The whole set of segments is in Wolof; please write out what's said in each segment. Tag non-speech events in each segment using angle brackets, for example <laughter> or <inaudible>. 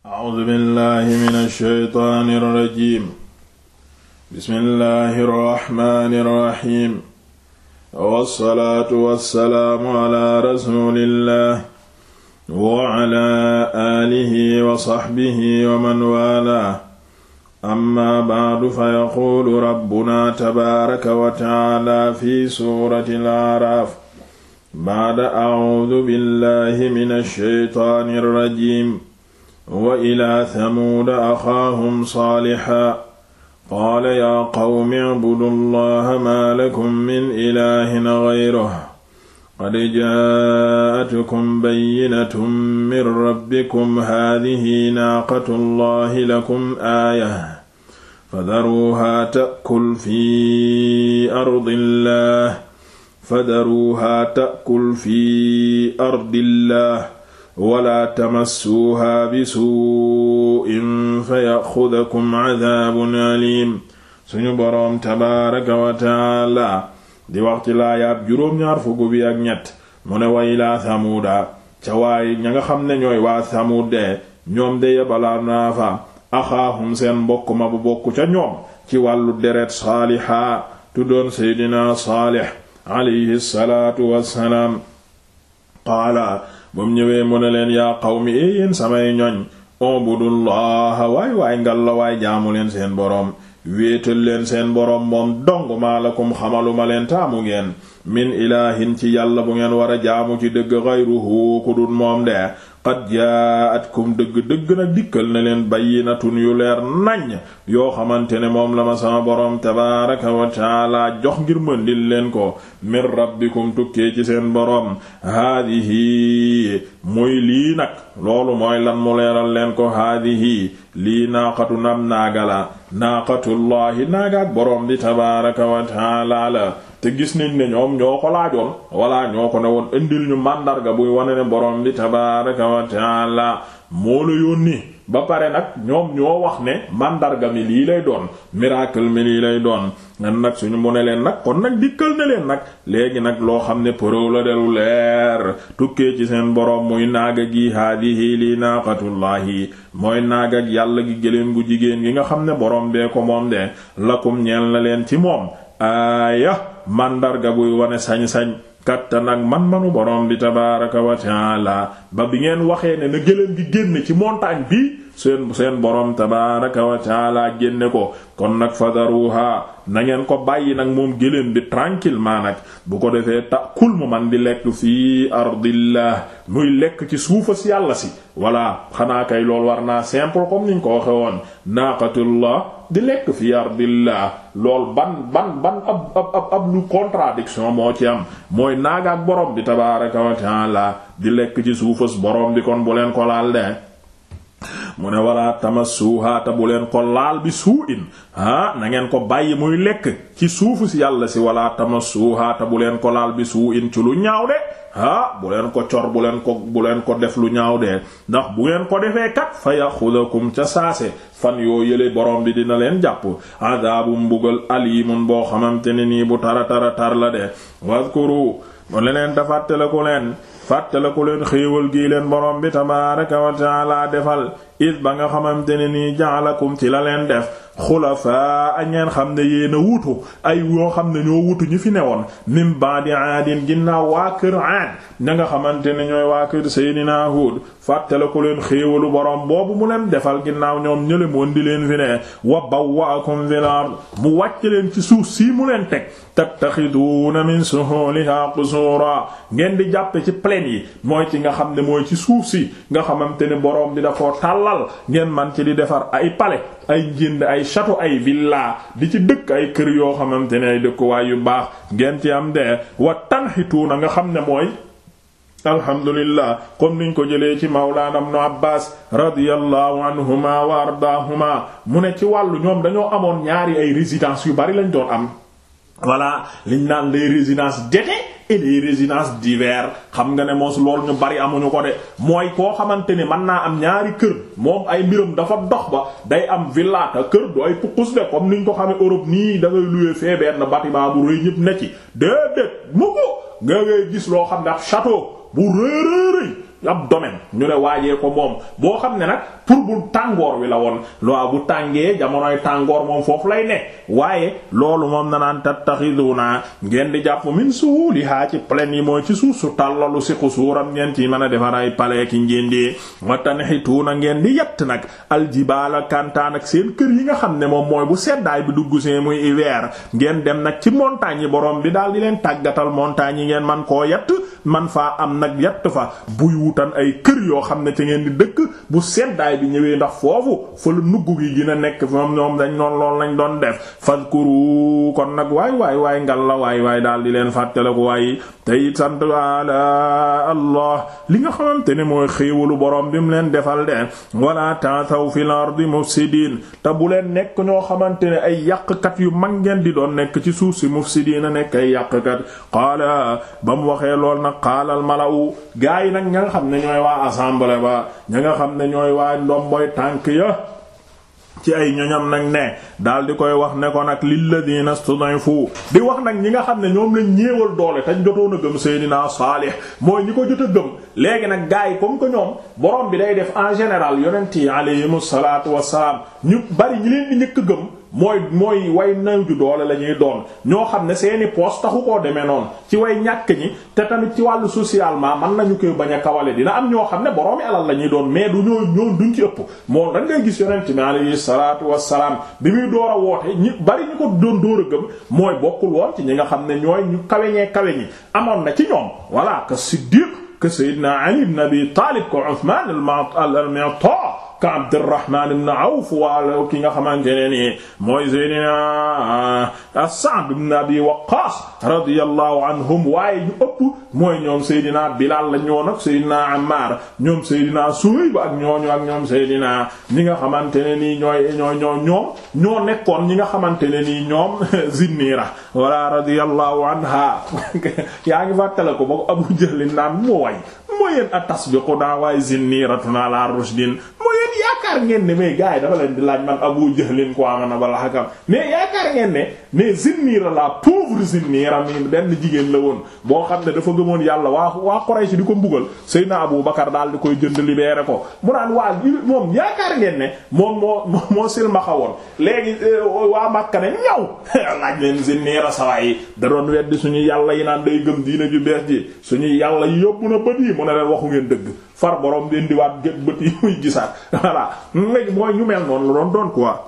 A'uuzu billaahi mina shaytaani rajiim. Bismillaahi rahmaani rahiim. Wassalaatu wassalaamu alaa rasuulillaahi wa alaa aalihi wa sahbihi wa man waalaahu. Ammaa ba'du fayaquulu rabbunaa tabaaraka wa ta'aalaa fi suuratil A'raaf. Ba'da a'uuzu billaahi mina shaytaani rajiim. wa ila thamuuda axaahum saalixa qaala yaa qawmi abudu llaha maa lakum min ilahin gayruhu qad jaa'atkum bayyinatun min rabbikum haadihi naaqatu llahi lakum aaya fadaruuhaa ta'kul fi ardi llah fadaruuhaa ta'kul fi ardi llah wala tamassuuhaa bisuu'in fa yaxudakum cadaabun aliim suñu boroom tabaaraka wa taala di wax ci laayaab juróom-ñaar fukk bi ak ñett mu ne wa ilaa ca waay ña nga xam ne ñooy waa samuud de ñoom de yabalaa naa fa axaahum seen mbokk bu bokk ca ñoom ci wàllu deret saalihaa tuddoon seydinaa saalix alayhi salaatu wassalaam qaala ba mu ñëwee mu ne leen yaa qawmi e yéen samay ñoñ ubudullaha waay waay ngal la waay jaamu leen seen boroom wéetal leen seen boroom moom dong maa lakum xamaluma leen taamu ngeen min ilaahin ci yàlla bu ngeen war a jaamu ci dëgg xayruhu ku dul moom de qad jaa'atkum dëgg-dëgg na dikkal na leen bayyinatun yu leer nañ yoo xamante ne moom la ma sama boroom tabaaraka wa taala jox ngir mëndil leen ko min rabbikum tukkee ci seen boroom haadihi muy lii nag loolu mooy lan mu leeral leen ko haadihi lii naaqatu nam naagala la naaqatullaahi naagaak borom di tabaaraka wa taala la te gis nañ ne ñoom ñoo ko laajoon walla ñoo ko ne woon indil ñu màndarga buy wane ne borom bi tabaaraka wa taala moo la yónni ba pare nag ñoom ñoo wax ne màndarga mi lii lay doon miracle mi lii lay doon nag suñu mu ne leen nag kon nag dikkal ne leen nag léegi nag loo xam ne preuve la delu leer tukkee ci seen borom muy naaga gi haadihi li naaqatullaahi mooy naaga yàlla gi gëléem gu jigéen gi nga xam ne borom bee ko moom de lakum ñeel na leen ci moom màndarga buy wane sañ-sañ kàttan ak man-manu borom bi tabaaraka wa taala ba bi ngeen waxee ne na gëléem gi génn ci montagne bi seen seen borom tabaaraka wa taala génne ko kon nag fadaruha na ngeen ko bàyyi nag moom gëléem bi tranquillement nag bu ko defee takul mu man di lekk fii ardillah muy lekk ci suufa si yàlla si voilà xanaa kay lool war naa simple comme niñ ko waxe woon naaqatullah di lekk fii ardillah lool ban ban ban ab ab ab lu contradiction moo ci am mooy naagaak borom bi tabaaraka wa taala di lekk ci suufas borom bi kon bu leen ko laal de mu ne walaa tamassuha ta bu leen ko laal bi suu in ah na ngeen ko bàyyi muy lekk ci suufu si yàlla si wala tamassuha ta bu leen ko laal bi suu in ci lu ñaaw de ah bu leen ko cor bu leen ko bu leen ko def lu ñaaw de ndax bu ngeen ko defee kat fa yaxudakum ca saase fan yoo yële borom bi dina leen jàpp adabu mbugal alimun boo xamante ne nii bu tara tara tar la de wadkuru leneen ta fàttaliku leen ko leen xéewal gii leen borom bi tabaaraka wa laa defal is ba nga xamante ne nii jaalakum ci la leen def xulafaa a ngeen xam ne yéen a wutu ay yoo xam ne ñoo wutu ñu fi ne newoon mim ba'di din ginnaaw waa kër aad ña nga xamante ne ñooy waa kër Seydina Huud fàttale ko leen xéewalu borom boobu mu leen defal ginnaaw ñoom ñële moon di leen fi ne wa bawwaakum fil ard mu wàcc leen ci suuf si mu leen teg na tattaxiduuna min suhuliha qusuura ngeen di jàppe ci plaine yi mooy ci nga xam ne mooy ci suuf si nga xamante ne borom bi da tàllal ngeen man ci di defar ay palais ay njënd château ay villa di ci dëkk ay kër yoo xamante ne ay dëkkuwaay yu baax ngeen ci am de wa tanxituuna nga xam ne mooy alhamdulillah comme niñ ko jëlee ci mawlaana ibnu abbas radiyallahu anhuma wa ardaahuma mu ne ci wàllu ñoom dañoo amoon ñaari ay résidence yu bari lañ doon am voilà liñ naan les résidences d'été et <laughs> les résidences d'hiver xam nga ne moos loolu ñu bari amuñu ko de mooy koo xamante ni mën naa am ñaari kër moom ay mbiram dafa dox ba day am villa kër du ay pukkus de comme niñ ko xamee Europe nii da ngay louer fee benn bâtiment bu rëy ñëpp ne ci déedéet mu nga ngay gis loo xam ne ab château bu rëy rëy ab domaine ñu ne waajee ko moom boo xam ne nag pour bu tàngoor wi la woon loi bu tàngee jamonoy tàngoor moom foofu lay ne waaye loolu moom na naan naa ngeen di jàpp min suulihaa ci plaine yi mooy ci suuf su tàllalu si xusuuram ngeen ci mën a defar ay palais ki ngeen di wa na ngeen di yett nag aljibaala kantaan ak seen kër yi nga xam ne moom mooy bu seddaay bi dugg see muy hiver ngeen dem nag ci montagne yi borom bi daal di leen tàggatal montagne yi ngeen man koo yett man faa am nag yatt fa buyuutan ay kër yoo xam ne ci ngeen di dëkk bu seddaay bi ñëwee ndax foofu fa la nugg gi gën nekk moom ñoom dañ noon lool lañ doon def fadkuru kon nag waay waay waay ngal la waaye waaye daal di leen fàttale ko waaye tey sant ala allah li nga xamante ne mooy xéewalu borom bi mu leen defal de wala ta'thaw fil ardi mufsidin te bu leen nekk ñoo xamante ne ay yàqkat yu mag ngeen di doon nekk ci suuf si mufsidin a nekk ay yàqkat qaala bam nag xaalal malawu gaa yi nag ña nga xam ne ñooy waa assemblée ba ña nga xam ne ñooy waa ndomboy tànk ya ci ay ñoñam nag ne daal di koy wax ne ko nag lilladina fu di wax nag ñi nga xam ne ñoom lañ ñéewal doole tañ jotoon a gëm Seydina Saalih mooy ñi ko jot a gëm léegi nag gars yi comme ñoom borom bi day def en général yonent yi alayhimu salaatu wassalaam ñu bari ñi leen di njëkk gëm mooy mooy way naw ju doole la ñuy doon ñoo xam ne seeni poste taxu koo demee noonu ci way ñàkk ñi te tamit ci wàllu socialement man nañu koy bañ a kawale dina am ñoo xam ne boroomi alal la ñuy doon mais du ñoo ñoom duñ ci ëpp moo da ngay gis yonent bi alayhi salaatu wassalaam bi muy door a woote ñi bari ñu ko doon door a gëm mooy bokkul woon ci ñi nga xam ne ñooy ñu kaweñee kawe ñi amoon na ci ñoom voilà que Siddiq que Sayyidna Ali ibn Abi Talib ko Uthman al-Mu'ta ka Abdurrahman ibn Awf waala ki nga xamante ne ni mooy Seydina Sa'd ibn Abi Waqqas radiyallahu anhum waaye ñu ëpp mooy ñoom Seydina Bilal la ñoo nag Seydina Ammar ñoom Seydina Suhayb ak ñooñu ak ñoom Seydina ñi nga xamante ne nii ñooy ñooy ñoo ñoom ñoo nekkoon ñi nga xamante ne nii ñoom <laughs> Zinnira wala radiyallahu anha <laughs> yaa ngi fàttale ko ba Abu Jahl naan mu way mooyeen a tasbiqu daawaay zinniratun ala rushdin mooyeen yaakaar ngeen ne mais gars yi di laaj man Abu Jahlin ko amana wala hakam mais yaakaar ne mais Zinniira la pauvre Zinniira mi benn jigéen la woon boo xam ne dafa gëmoon yàlla waa waa Quraysh di ko mbugal Seydina Abu Bakar daal di jënd libéré ko mu naan waa moom yaakaar ngeen ne moom moo moo silmaxa woon léegi euh, waa Makka ne ñaw <laughs> laaj leen Zinniira sawaay yi da doon weddi suñu yàlla yi naan day gëm diina ju bees ji suñuy yàlla yi yóbbu na bët yi mu ne leen waxu ngeen dëgg far borom di waat indiwaat bët yi muy gisaat <laughs> voilà léegi mooy ñu mel noonu la doon doon quoi.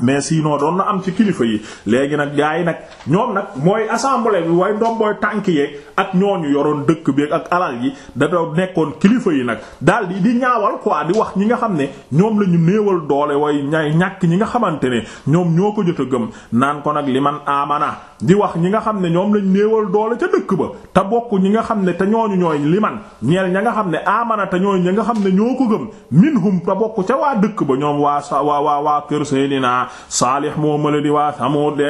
mais sinon doon na am ci kilifa yi léegi nag gars nag ñoom nag mooy assemblée bi way ndomboy tànk yee ak ñoo ñu yoroon dëkk bi ak alal yi da doon nekkoon kilifa yi nag daal di di ñaawal quoi di wax ñi nga xam ne ñoom la ñu néewal doole way ñay ñàkk ñi nga xamante ne ñoom ñoo ko jot a gëm naan ko nag li man amana di wax ñi nga xam ne ñoom lañ néewal doole ca dëkk ba te bokk ñi nga xam ne te ñooñu ñooy li man ñeel ña nga xam ne amana te ñooy nga xam ne ñoo ko gëm minhum te bokk ca waa dëkk ba ñoom waa sa waa kër waa kër Seydina Saalih moo mala di waa Samud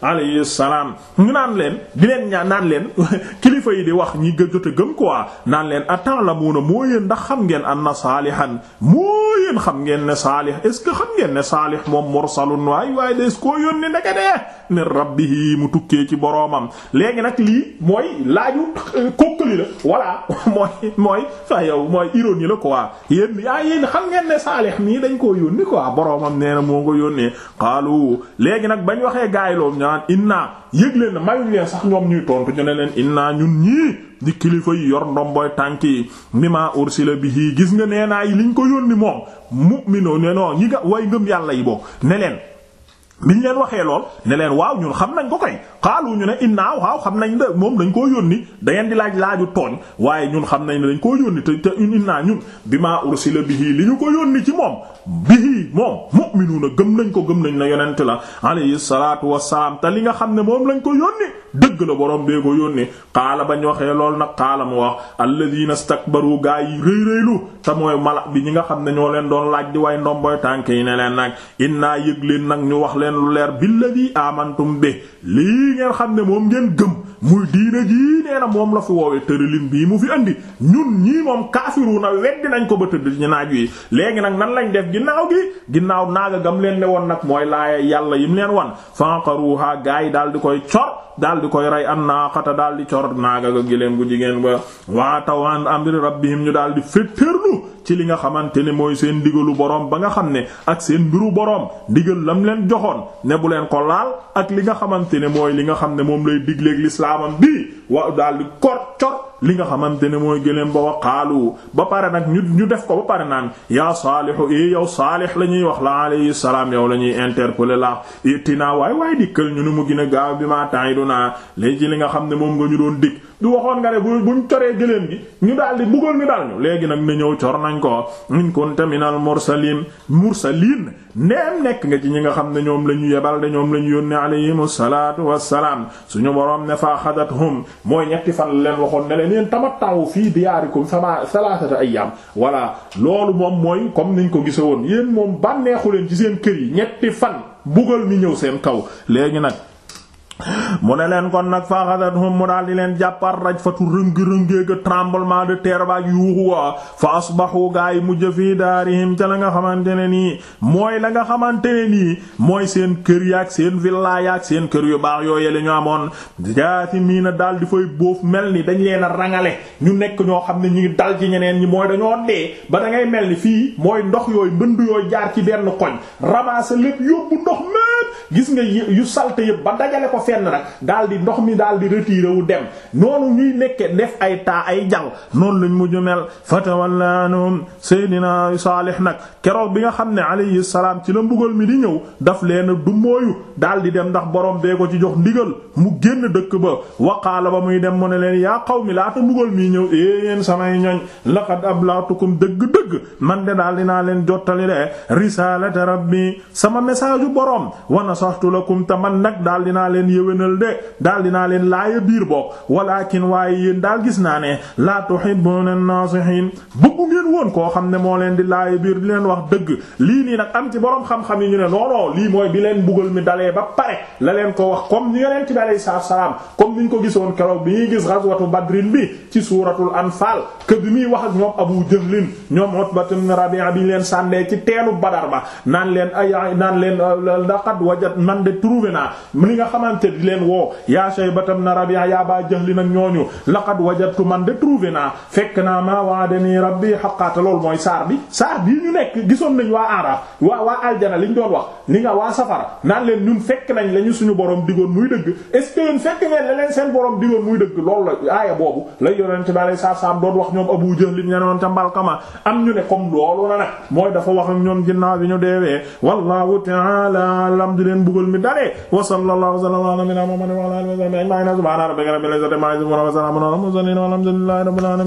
alayhi salaam ñu naan leen di leen ñaa naan leen <laughs> kilifa yi di wax ñi gë jot a gëm quoi naan leen ata'lamuuna moo yéen ndax xam ngeen anna saalihan moo yéen xam ngeen ne Saalih est ce que xam ngeen ne Saalih moom mursalun ce que koo yónni ndeke ci boroomam léegi nag lii mooy laaju euh, kokkali la voilà <laughs> mooy mooy fa ah, yow mooy ironie la quoi yéen yaa yéen xam ngeen ne Saalih nii dañ koo yónni quoi boroomam nee na moo ko yónnee xaalu léegi nag bañ waxee gaay loom ñaan inna yëg leen na mayuñ leen sax ñoom ñuy tontu ñu ne leen inna ñun ñii di kilifa yi yor ndomboy tànk yi mima bi bihi gis nga nee naa yi liñ ko yónni moom mu'minu ne non ñi nga way ngëm yàlla yi bokk ne leen biñ leen waxee lool ne leen waaw ñun xam nañ ko kay xaalu ñu ne innaaw waaw xam nañ de moom lañ koo yónni da ngeen di laaj laaju tooñ waaye ñun xam nañ ne dañ koo yónni te te innaa ñun bima ursila li ñu ko yónni ci moom bihi moom na gëm nañ ko gëm nañ na yonent la alayhi salaatu wassalaam te li nga xam ne moom lañ ko yónni dëgg la borom bee ko yónni xaala bañ waxee lool nag xaala mu wax alladina stakbaru gaa yi rëy rëylu te mooy mala bi ñi nga xam ne ñoo leen doon laaj di way ndomboy tànk yi ne leen nag innaa yëg leen ñu wax leen lu leer billadi amantum bi lii ngeen xam ne moom ngeen gëm muy diina jii nee na moom la fi woowee tëralin bii mu fi andi ñun ñii moom kaafiru na weddi nañ ko ba tëdd ñu naaj wi léegi nag nan lañ def ginnaaw gi ginnaaw naaga gam leen ne woon nag mooy laaya yàlla yim leen wan fanqaruha gaa yi daal di koy cor daal di koy rey an naaqata daal di cor naaga ga giléem gu jigéen ba waataw an amri rabbihim ñu daal di féttërlu ci li nga xamante ne mooy se digalu boroom ba nga xam ne ak seen waxoon leen ko laal ak li nga xamante ne mooy li nga xam ne moom lay digleeg lislaamam bi waaw daal di kor cor li nga xamante ne mooy gëléem ba wa qaalu ba pare nag ñu ñu def ko ba pare naan yaa saalihu i eh, yow saalih la ñuy wax la alayhi salaam yow la ñuy interpeller la itina waay waay dikkal ñu nu mu gën a gaaw bi maa ta'iduna léegi li nga xam ne moom nga ñu doon dik du waxoon nga ne bu buñ coree gëléem gi ñu daal di bëggoon ñu daal ñu léegi nag na ñëw cor nañ ko in kunta minal mursalin mursalin neem nekk nga ci ñi nga xam ne ñoom la ñu yebal de ñoom la ñu yónne alayhimu salaatu wassalaam suñu boroom ne fa xadathum mooy ñetti fan leen waxoon ne leen yéen tamattaawu fii diyaarikum sama salaasata ayyaam voilà loolu moom mooy comme niñ ko gise woon yéen moom bànneexu leen ci seen kër yi ñetti fan bugal mi ñëw seen kaw léegi nag mu ne leen kon nag fa axadathum mu daal di leen jàppar rajfatu rëng-rëngeega tremblement de terre baak yuuxu wa fa asbahu gaa yi mujj fii daarihim ca la nga xamante ne nii mooy la nga xamante ne nii mooy seen kër yaak seen villa yaak seen kër yu baax yooye la ñu amoon jaasimiina daal di fay bóof mel ni dañ leen a rangale ñu nekk ñoo xam ne ñu ngi dal ci ñeneen ñi mooy dañoo dee ba da ngay mel ni fii mooy ndox yooyu mbënd yooyu jaar ci benn koñ ramasser nga yu fenn nag daal di ndox mi daal di retiré wu dem noonu ñuy nekke def ay taa ay jal noonu lañ mujj mel fatawalla anhum seydina saalih nag keroog bi nga xam ne alayhi salaam ci la mbugal mi di ñëw daf leen du mooyu di dem ndax boroom bee ko ci jox ndigal mu génn dëkk ba waqaala ba muy dem mu ne leen yaa qawmi laata mbugal mi ñëw ee yéen samay ñoñ laqad ablaatukum dëgg-dëgg man de daal dinaa leen jottali de risalata rabbi sama message borom wa nasahtu lakum te man nag daal yéwénal de daal dinaa leen laaya biir bokk walakin waaye yéen daal gis naa ne laa tuhibbuna an-nasihin bëggu ngeen woon koo xam ne moo leen di laaya biir di leen wax dëgg lii nii nag am ci boroom xam-xam yi ñu ne non lii mooy bi leen buggal mi dalee ba pare la leen ko wax comme ni yonent bi alayhi salaam comme niñ ko gisoon keroog bi ñuy gis ghazwatu badrin bi ci suuratul anfaal que bi muy wax ak ñoom abu jëlin ñoom utba ibn rabi'a bi ñu leen sànnee ci teenu badar ba naan leen ay naan leen laqad wajat man de trouvé naa li te di leen woo yaa Shaybata ibn Rabi'a yaa Abaa Jahl nag ñooñu laqad wajadtu man de trouvé naa fekk naa maa wa'adani rabbi haqqan loolu mooy saar bi saar bii ñu nekk gisoon nañ waa Araaf waa waa aljana liñ doon wax li nga waa safara naan leen ñun fekk nañ lañu suñu borom digoon muy dëgg est fekk ngeen la leen seen borom digoon muy dëgg loolu la aaya boobu la yonente bi alayhi salaam doon wax ñoom Abu Jahl ñu noon ca mbalkama am ñu ne comme loolu na nag mooy dafa ñu deewee wa sallam